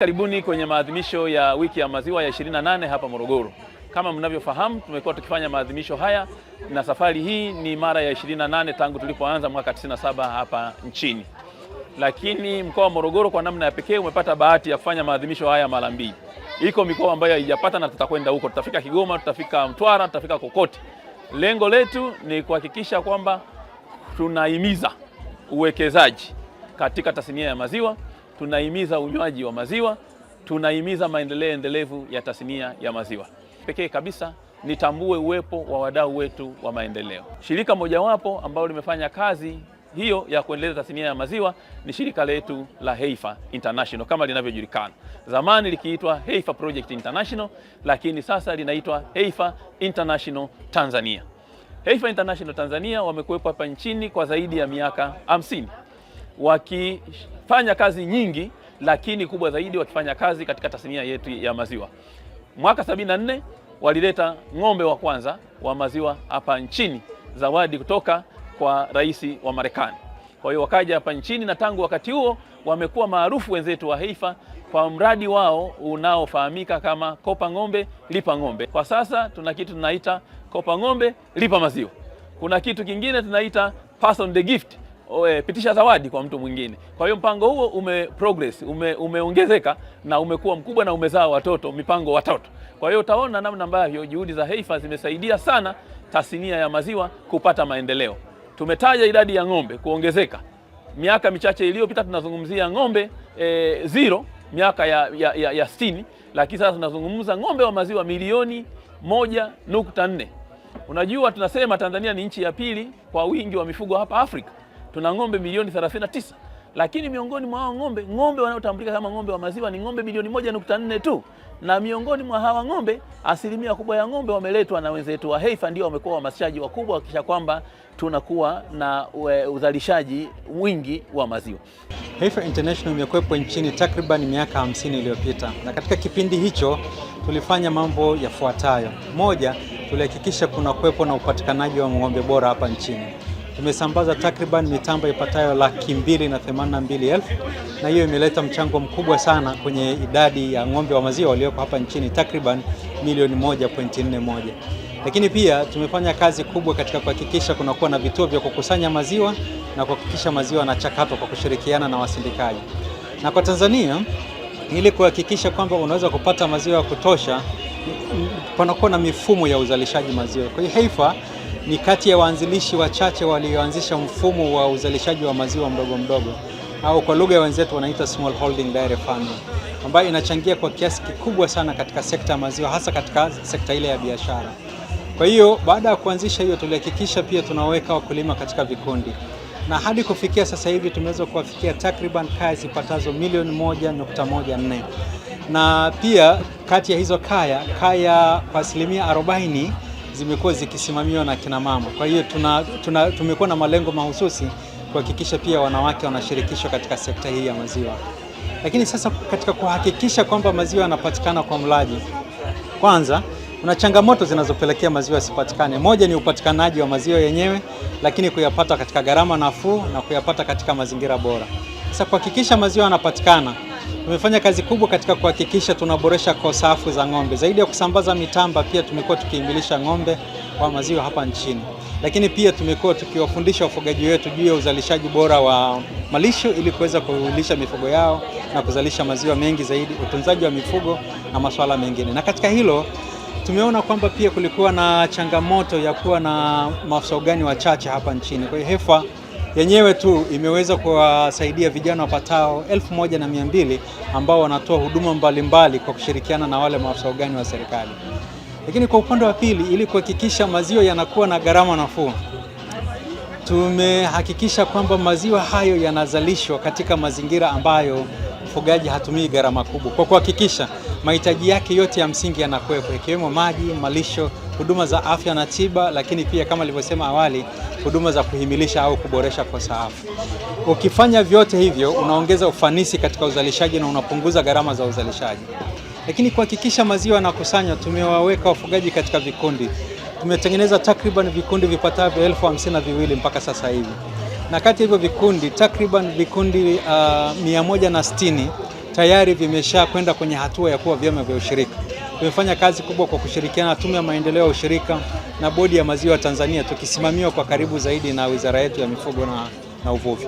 Karibuni kwenye maadhimisho ya wiki ya maziwa ya 28 hapa Morogoro. Kama mnavyofahamu, tumekuwa tukifanya maadhimisho haya na safari hii ni mara ya 28 tangu tulipoanza mwaka 97 hapa nchini, lakini mkoa wa Morogoro kwa namna ya pekee umepata bahati ya kufanya maadhimisho haya mara mbili. Iko mikoa ambayo haijapata na tutakwenda huko, tutafika Kigoma, tutafika Mtwara, tutafika kokote. Lengo letu ni kuhakikisha kwamba tunahimiza uwekezaji katika tasnia ya maziwa tunahimiza unywaji wa maziwa, tunahimiza maendeleo endelevu ya tasnia ya maziwa. Pekee kabisa nitambue uwepo wa wadau wetu wa maendeleo. Shirika mojawapo ambalo limefanya kazi hiyo ya kuendeleza tasnia ya maziwa ni shirika letu la Heifer International kama linavyojulikana, zamani likiitwa Heifer Project International, lakini sasa linaitwa Heifer International Tanzania. Heifer International Tanzania wamekuwepo hapa nchini kwa zaidi ya miaka 50 waki wakifanya kazi nyingi, lakini kubwa zaidi wakifanya kazi katika tasnia yetu ya maziwa. Mwaka nne walileta ng'ombe wa kwanza wa maziwa hapa nchini, zawadi kutoka kwa rais wa Marekani. Kwa hiyo wakaja hapa nchini na tangu wakati huo wamekuwa maarufu wenzetu wa Haifa kwa mradi wao unaofahamika kama Kopa Ng'ombe Lipa Ng'ombe. Kwa sasa tuna kitu tunaita Kopa Ng'ombe Lipa Maziwa. Kuna kitu kingine tunaita Pass on the Gift Oh, eh, pitisha zawadi kwa mtu mwingine. Kwa hiyo mpango huo ume progress ume, umeongezeka na umekuwa mkubwa na umezaa watoto mipango watoto. Kwa hiyo utaona namna ambavyo juhudi za Heifa zimesaidia sana tasnia ya maziwa kupata maendeleo. Tumetaja idadi ya ng'ombe kuongezeka. Miaka michache iliyopita tunazungumzia ng'ombe e, zero miaka ya, ya, ya, ya sitini, lakini sasa tunazungumza ng'ombe wa maziwa milioni moja nukta nne. Unajua tunasema Tanzania ni nchi ya pili kwa wingi wa mifugo hapa Afrika tuna ng'ombe milioni 39 lakini miongoni mwa hao ng'ombe ng'ombe wanaotambulika kama ng'ombe wa maziwa ni ng'ombe milioni 14 tu, na miongoni mwa hawa ng'ombe asilimia kubwa ya ng'ombe wameletwa na wenzetu wa Heifa, ndio wamekuwa wahamasishaji wakubwa wakikisha kwamba tunakuwa na uzalishaji wingi wa maziwa. Heifa International imekuwepo nchini takriban miaka 50 iliyopita, na katika kipindi hicho tulifanya mambo yafuatayo: moja, tulihakikisha kuna kuwepo na upatikanaji wa ng'ombe bora hapa nchini tumesambaza takriban mitambo ipatayo laki mbili na themanini na mbili elfu na hiyo imeleta mchango mkubwa sana kwenye idadi ya ng'ombe wa maziwa walioko hapa nchini takriban milioni 1.41. Lakini pia tumefanya kazi kubwa katika kuhakikisha kunakuwa na vituo vya kukusanya maziwa na kuhakikisha maziwa yanachakatwa kwa kushirikiana na wasindikaji. Na kwa Tanzania, ili kuhakikisha kwamba unaweza kupata maziwa ya kutosha, panakuwa na mifumo ya uzalishaji maziwa. Kwa hiyo Heifer ni kati ya waanzilishi wachache walioanzisha mfumo wa uzalishaji wa maziwa mdogo mdogo au kwa lugha ya wenzetu wanaita small holding dairy farming, ambayo inachangia kwa kiasi kikubwa sana katika sekta ya maziwa, hasa katika sekta ile ya biashara. Kwa hiyo baada ya kuanzisha hiyo, tulihakikisha pia tunaweka wakulima katika vikundi, na hadi kufikia sasa hivi tumeweza kuwafikia takriban kaya zipatazo milioni moja nukta moja nne na pia kati ya hizo kaya kaya kwa asilimia arobaini zimekuwa zikisimamiwa na kina mama. Kwa hiyo tuna, tuna, tumekuwa na malengo mahususi kuhakikisha pia wanawake wanashirikishwa katika sekta hii ya maziwa. Lakini sasa katika kuhakikisha kwamba maziwa yanapatikana kwa mlaji, kwanza kuna changamoto zinazopelekea maziwa yasipatikane. Moja ni upatikanaji wa maziwa yenyewe, lakini kuyapata katika gharama nafuu na kuyapata katika mazingira bora. Sasa kuhakikisha maziwa yanapatikana Tumefanya kazi kubwa katika kuhakikisha tunaboresha kosafu za ng'ombe. Zaidi ya kusambaza mitamba, pia tumekuwa tukiimilisha ng'ombe wa maziwa hapa nchini, lakini pia tumekuwa tukiwafundisha wafugaji wetu juu ya uzalishaji bora wa malisho ili kuweza kuulisha mifugo yao na kuzalisha maziwa mengi zaidi, utunzaji wa mifugo na masuala mengine. Na katika hilo tumeona kwamba pia kulikuwa na changamoto ya kuwa na maafisa wachache hapa nchini, kwa hiyo HEFA yenyewe tu imeweza kuwasaidia vijana wapatao elfu moja na mia mbili ambao wanatoa huduma mbalimbali mbali kwa kushirikiana na wale maafisa ugani wa serikali. Lakini kwa upande wa pili, ili kuhakikisha maziwa yanakuwa na gharama nafuu, tumehakikisha kwamba maziwa hayo yanazalishwa katika mazingira ambayo mfugaji hatumii gharama kubwa kwa kuhakikisha mahitaji yake yote ya msingi yanakuwepo, ikiwemo maji, malisho, huduma za afya na tiba, lakini pia kama alivyosema awali, huduma za kuhimilisha au kuboresha kwa saafu. Ukifanya vyote hivyo, unaongeza ufanisi katika uzalishaji na unapunguza gharama za uzalishaji. Lakini kuhakikisha maziwa yanakusanywa, tumewaweka wafugaji katika vikundi. Tumetengeneza takriban vikundi vipatavyo elfu hamsini na viwili mpaka sasa hivi na kati ya hivyo vikundi takriban vikundi uh, 160 tayari vimesha kwenda kwenye hatua ya kuwa vyama vya ushirika. Tumefanya kazi kubwa kwa kushirikiana na Tume ya Maendeleo ya Ushirika na Bodi ya Maziwa Tanzania, tukisimamiwa kwa karibu zaidi na wizara yetu ya mifugo na, na uvuvi.